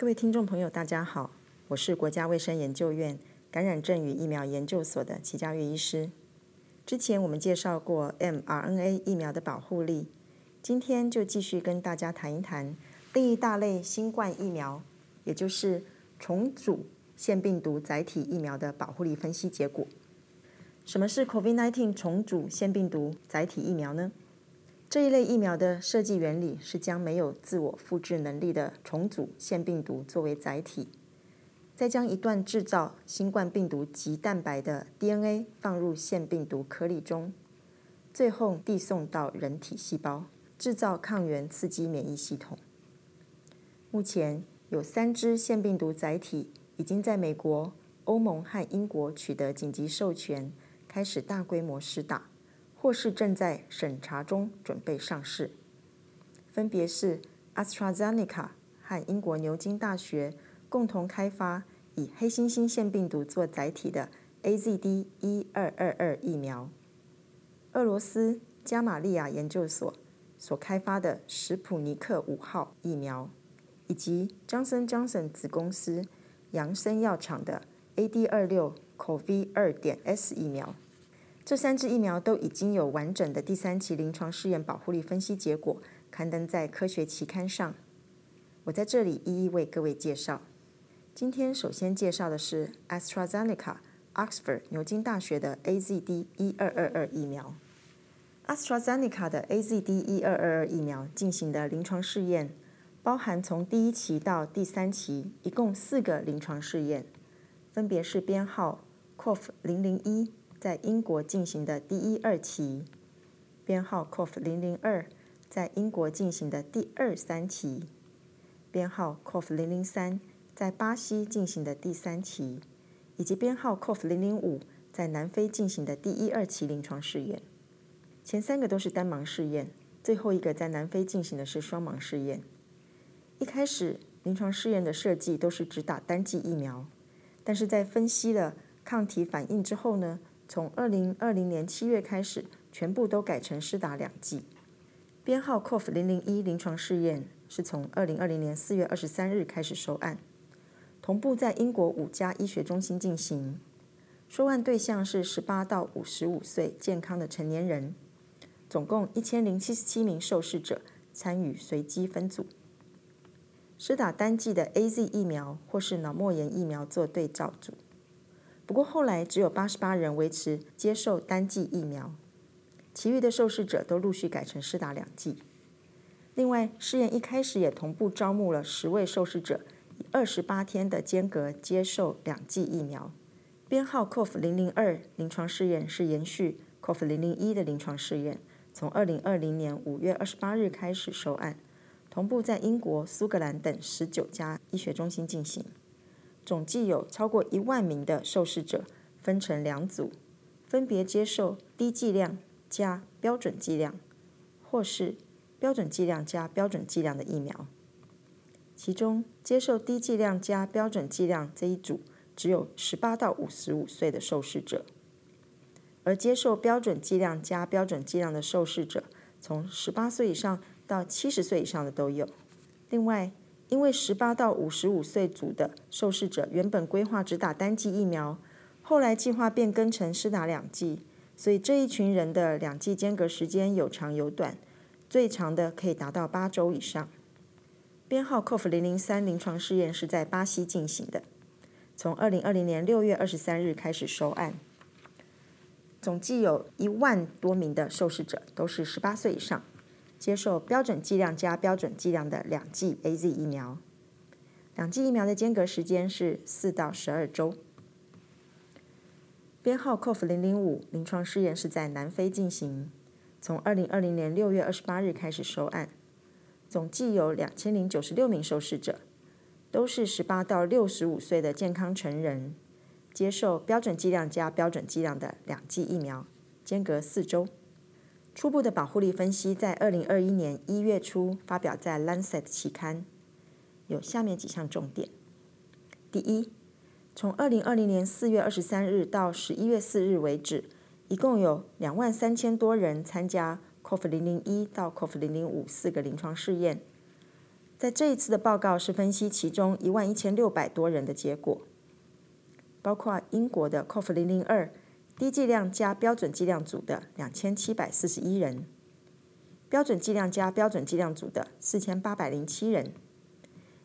各位聽眾朋友，大家好，我是國家衛生研究院感染症與疫苗研究所的齊嘉鈺醫師。之前我們介紹過 mRNA 疫苗的保護力，今天就繼續跟大家談一談另一大類新冠疫苗，也就是重組腺病毒載體疫苗的保護力分析結果。什麼是 COVID-19 重組腺病毒載體疫苗呢？這一類疫苗的設計原理是將沒有自我複製能力的重組腺病毒作為載體，再將一段制造新冠病毒棘蛋白的 DNA 放入腺病毒顆粒中，最後遞送到人體細胞，制造抗原，刺激免疫系統。目前有三支腺病毒載體已經在美國、歐盟和英國取得緊急授權，開始大規模施打，或是正在審查中，準備上市，分別是 AstraZeneca 和英國牛津大學共同開發以黑猩猩腺病毒做載體的 AZD1222 疫苗，俄羅斯加瑪利亞研究所所開發的史普尼克五號疫苗，以及 Johnson Johnson 子公司楊森藥廠的 AD 二六 COV 二點 S 疫苗。這三支疫苗都已經有完整的第三期臨床試驗保護力分析結果，刊登在科學期刊上。我在這裡一一為各位介紹。今天首先介紹的是 AstraZeneca、Oxford 牛津大學的 AZD1222 疫苗。AstraZeneca 的 AZD1222 疫苗進行的臨床試驗，包含從第一期到第三期一共四個臨床試驗，分別是編號 COV 零零一。在英國進行的第一二期，編號 COV 零零二；在英國進行的第二三期，編號 COV 零零三；在巴西進行的第三期，以及編號 COV 零零五，在南非進行的第一二期臨床試驗。前三個都是單盲試驗，最後一個在南非進行的是雙盲試驗。一開始臨床試驗的設計都是只打單劑疫苗，但是在分析了抗體反應之後呢，從二零二零年七月開始，全部都改成施打兩劑。編號 C O V 零零一臨床試驗是從二零二零年四月二十三日開始收案，同步在英國五家醫學中心進行。收案對象是十八到五十五歲健康的成年人，總共一千零七十七名受試者參與隨機分組，施打單劑的 A Z 疫苗或是腦膜炎疫苗做對照組。不過後來，只有八十八人維持接受單劑疫苗，其餘的受試者都陸續改成試打兩劑。另外，試驗一開始也同步招募了十位受試者，以二十八天的間隔接受兩劑疫苗。編號 COV002 臨床試驗是延續 COV001 的臨床試驗，從二零二零年五月二十八日開始收案，同步在英國、蘇格蘭等十九家醫學中心進行。總計有超過一萬名的受試者，分成兩組，分別接受低劑量加標準劑量，或是標準劑量加標準劑量的疫苗。其中接受低劑量加標準劑量這一組只有十八到五十五歲的受試者，而接受標準劑量加標準劑量的受試者，從十八歲以上到七十歲以上的都有。另外，因為十八到五十五歲組的受試者原本規劃只打單劑疫苗，後來計劃變更成施打兩劑，所以這一群人的兩劑間隔時間有長有短，最長的可以達到八周以上。編號 COV 零零三臨床試驗是在巴西進行的，從二零二零年六月二十三日開始收案，總計有一萬多名的受試者，都是十八歲以上。接受標準劑量加標準劑量的兩劑 AZ 疫苗，兩劑疫苗的間隔時間是四到十二周。編號 COV 零零五臨床試驗是在南非進行，從二零二零年六月二十八日開始收案，總計有兩千零九十六名受試者，都是十八到六十五歲的健康成人，接受標準劑量加標準劑量的兩劑疫苗，間隔四周。初步的保護力分析在二零二一年一月初發表在《Lancet》期刊，有下面幾項重點：第一，從二零二零年四月二十三日到十一月四日為止，一共有兩萬三千多人參加 COV 零零一到 COV 零零五四個臨床試驗。在這一次的報告是分析其中一萬一千六百多人的結果，包括英國的 COV 零零二。低劑量加標準劑量組的兩千七百四十一人，標準劑量加標準劑量組的四千八百零七人，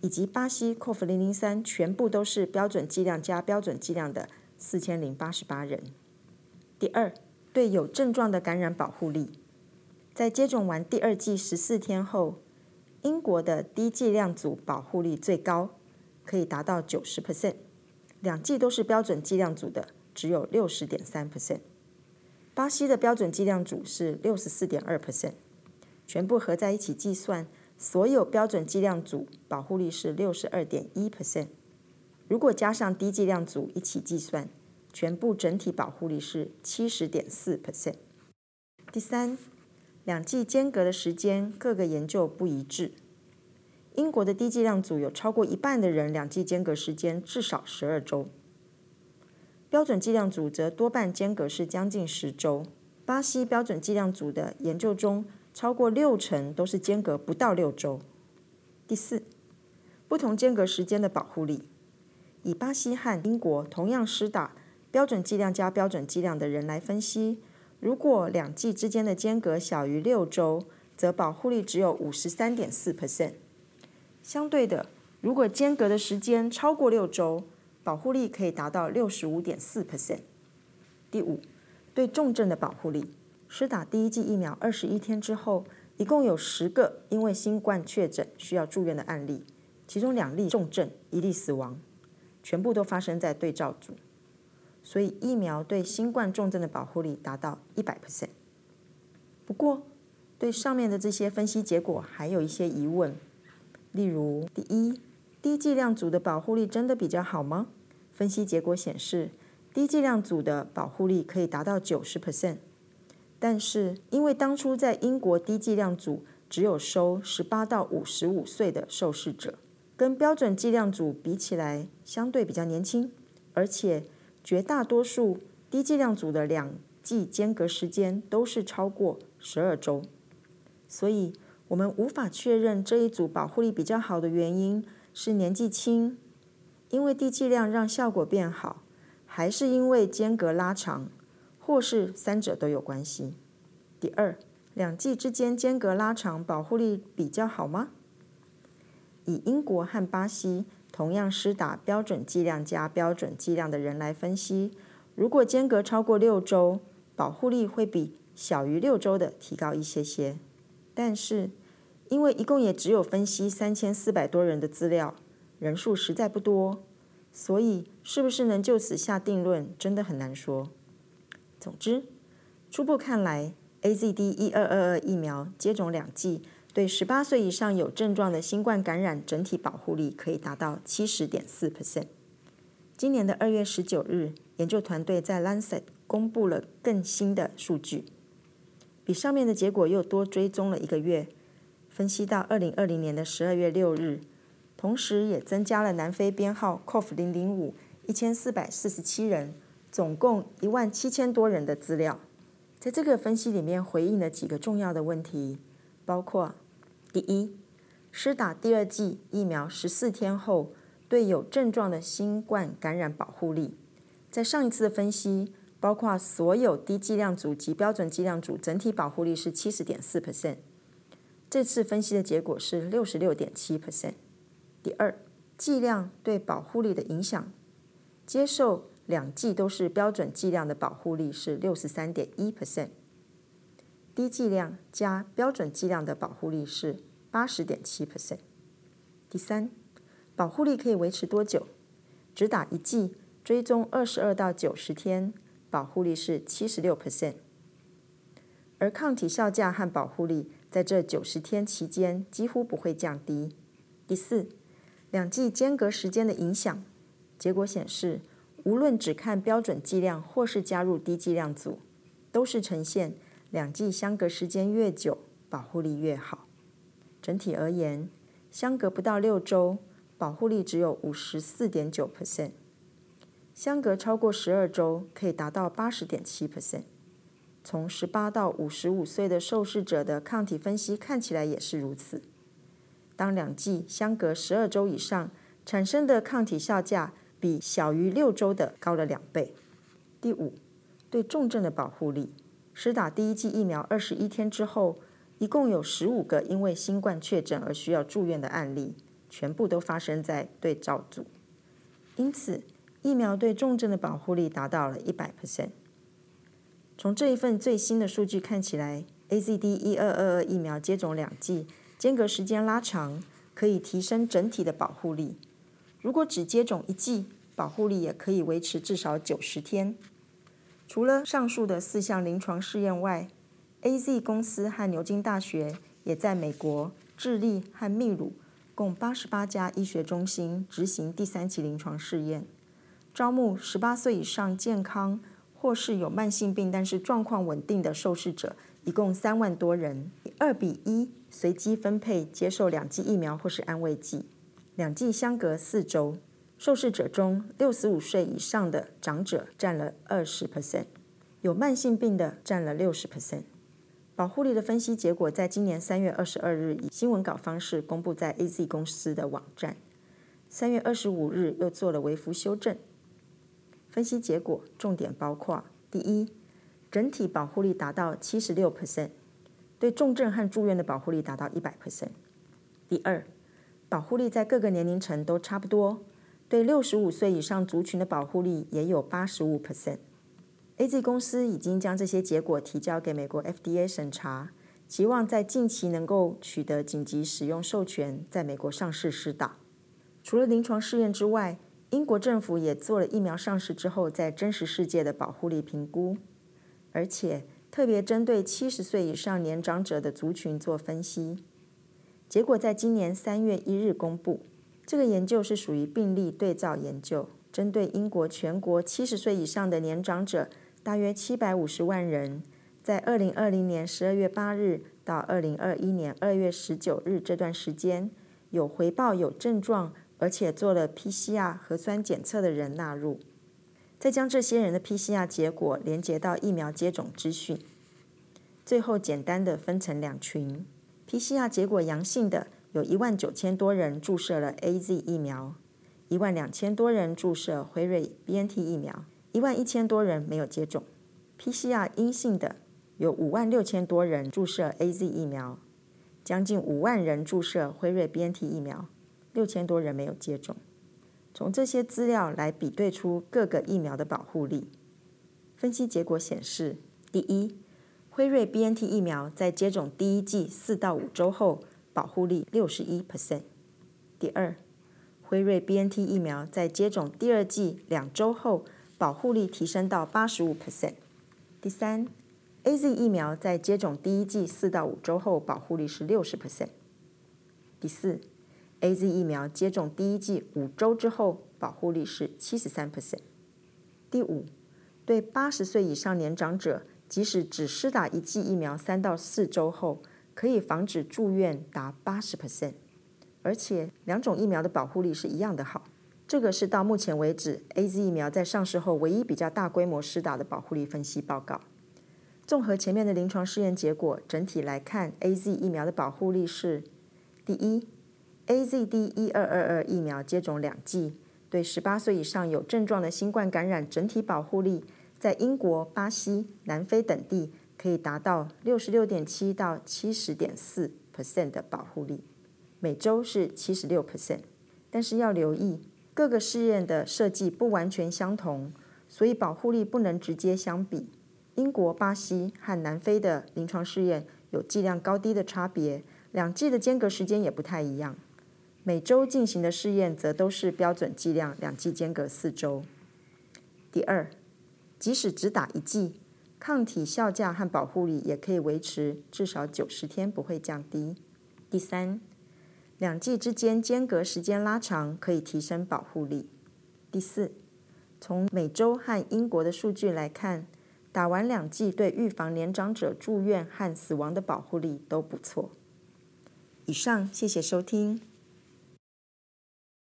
以及巴西 Cov003 全部都是標準劑量加標準劑量的四千零八十八人。第二，對有症狀的感染保護力，在接種完第二劑十四天後，英國的低劑量組保護力最高，可以達到九十 percent，兩劑都是標準劑量組的，只有六十點三 percent，巴西的標準劑量組是六十四點二 percent，全部合在一起計算，所有標準劑量組保護率是六十二點一 percent。如果加上低劑量組一起計算，全部整體保護率是七十點四 percent。第三，兩劑間隔的時間，各個研究不一致。英國的低劑量組有超過一半的人兩劑間隔時間至少十二週。標準劑量組則多半間隔是將近十週。巴西標準劑量組的研究中，超過六成都是間隔不到六週。第四，不同間隔時間的保護力。以巴西和英國同樣施打標準劑量加標準劑量的人來分析，如果兩劑之間的間隔小於六週，則保護力只有五十三點四 percent。相對的，如果間隔的時間超過六週，保護力可以達到六十五點四 percent。第五，對重症的保護力，施打第一劑疫苗二十一天之後，一共有十個因為新冠確診需要住院的案例，其中兩例重症，一例死亡，全部都發生在對照組。所以疫苗對新冠重症的保護力達到一百 percent。不過，對上面的這些分析結果還有一些疑問，例如，第一，低劑量組的保護力真的比較好嗎？分析結果顯示，低劑量組的保護力可以達到九十 percent，但是因為當初在英國低劑量組只有收十八到五十五歲的受試者，跟標準劑量組比起來，相對比較年輕，而且絕大多數低劑量組的兩劑間隔時間都是超過十二周，所以我們無法確認這一組保護力比較好的原因是年紀輕。因為低劑量讓效果變好，還是因為間隔拉長，或是三者都有關係。第二，兩劑之間間隔拉長，保護力比較好嗎？以英國和巴西同樣施打標準劑量加標準劑量的人來分析，如果間隔超過六周，保護力會比小於六周的提高一些些。但是，因為一共也只有分析三千四百多人的資料，人數實在不多，所以是不是能就此下定論，真的很難說。總之，初步看來，AZD1222 疫苗接種兩劑，對十八歲以上有症狀的新冠感染整體保護力可以達到七十點四 percent。今年的二月十九日，研究團隊在《Lancet》公布了更新的數據，比上面的結果又多追蹤了一個月，分析到二零二零年的十二月六日。同時，也增加了南非編號 COV 零零五一千四百四十七人，總共一萬七千多人的資料。在這個分析裡面，回應了幾個重要的問題，包括：第一，施打第二劑疫苗十四天後，對有症狀的新冠感染保護力。在上一次的分析，包括所有低劑量組及標準劑量組整體保護力是七十點四 percent，這次分析的結果是六十六點七 percent。第二，劑量對保護力的影響，接受兩劑都是標準劑量的保護力是六十三點一 percent，低劑量加標準劑量的保護力是八十點七 percent。第三，保護力可以維持多久？只打一劑，追蹤二十二到九十天，保護力是七十六 percent，而抗體效價和保護力在這九十天期間幾乎不會降低。第四，兩劑間隔時間的影響，結果顯示，無論只看標準劑量或是加入低劑量組，都是呈現兩劑相隔時間越久，保護力越好。整體而言，相隔不到六周，保護力只有五十四點九 percent；相隔超過十二周，可以達到八十點七 percent。從十八到五十五歲的受試者的抗體分析看起來也是如此。當兩劑相隔十二周以上，產生的抗體效價比小於六周的高了兩倍。第五，對重症的保護力，施打第一劑疫苗二十一天之後，一共有十五個因為新冠確診而需要住院的案例，全部都發生在對照組。因此，疫苗對重症的保護力達到了一百 percent。從這一份最新的數據看起來，AZD 一二二二疫苗接種兩劑。間隔時間拉長，可以提升整體的保護力。如果只接種一劑，保護力也可以維持至少九十天。除了上述的四項臨床試驗外，AZ 公司和牛津大學也在美國、智利和秘魯共八十八家醫學中心執行第三期臨床試驗，招募十八歲以上健康或是有慢性病但是狀況穩定的受試者，一共三萬多人，以二比一。隨機分配接受兩劑疫苗或是安慰劑，兩劑相隔四周。受試者中，六十五歲以上的長者占了二十 percent，有慢性病的占了六十 percent。保護力的分析結果在今年三月二十二日以新聞稿方式公布在 AZ 公司的網站，三月二十五日又做了微幅修正。分析結果重點包括：第一，整體保護力達到七十六 percent。對重症和住院的保護力達到百分之百。第二，保護力在各個年齡層都差不多，對六十五歲以上族群的保護力也有百分之八十五。AZ 公司已經將這些結果提交給美國 FDA 審查，期望在近期能夠取得緊急使用授權，在美國上市施打。除了臨床試驗之外，英國政府也做了疫苗上市之後在真實世界的保護力評估，而且，特別針對七十歲以上年長者的族群做分析，結果在今年三月一日公布。這個研究是屬於病例對照研究，針對英國全國七十歲以上的年長者，大約七百五十萬人，在二零二零年十二月八日到二零二一年二月十九日這段時間，有回報、有症狀，而且做了 PCR 核酸檢測的人納入。再將這些人的 P C R 結果連接到疫苗接種資訊，最後簡單的分成兩群：P C R 結果陽性的，有一萬九千多人注射了 A Z 疫苗，一萬兩千多人注射輝瑞 B N T 疫苗，一萬一千多人沒有接種；P C R 陰性的，有五萬六千多人注射 A Z 疫苗，將近五萬人注射輝瑞 B N T 疫苗，六千多人沒有接種。從這些資料來比對出各個疫苗的保護力，分析結果顯示：第一，輝瑞 BNT 疫苗在接種第一劑四到五週後保，保護力六十一 percent；第二，輝瑞 BNT 疫苗在接種第二劑兩週後，保護力提升到八十五 percent；第三，AZ 疫苗在接種第一劑四到五週後，保護力是六十 percent；第四，AZ 疫苗接種第一劑五周之後，保護力是七十三 percent。第五，對八十歲以上年長者，即使只施打一劑疫苗三到四周後，可以防止住院達八十 percent。而且兩種疫苗的保護力是一樣的好。這個是到目前為止 AZ 疫苗在上市後唯一比較大規模施打的保護力分析報告。綜合前面的臨床試驗結果，整體來看 AZ 疫苗的保護力是第一。AZD1222 疫苗接種兩劑，對十八歲以上有症狀的新冠感染整體保護力，在英國、巴西、南非等地可以達到六十六點七到七十點四 percent 的保護力，美洲是七十六 percent。但是要留意，各個試驗的設計不完全相同，所以保護力不能直接相比。英國、巴西和南非的臨床試驗有劑量高低的差別，兩劑的間隔時間也不太一樣。每周進行的試驗則都是標準劑量，兩劑間隔四周。第二，即使只打一劑，抗體效價和保護力也可以維持至少九十天，不會降低。第三，兩劑之間間隔時間拉長可以提升保護力。第四，從美洲和英國的數據來看，打完兩劑對預防年長者住院和死亡的保護力都不錯。以上，謝謝收聽。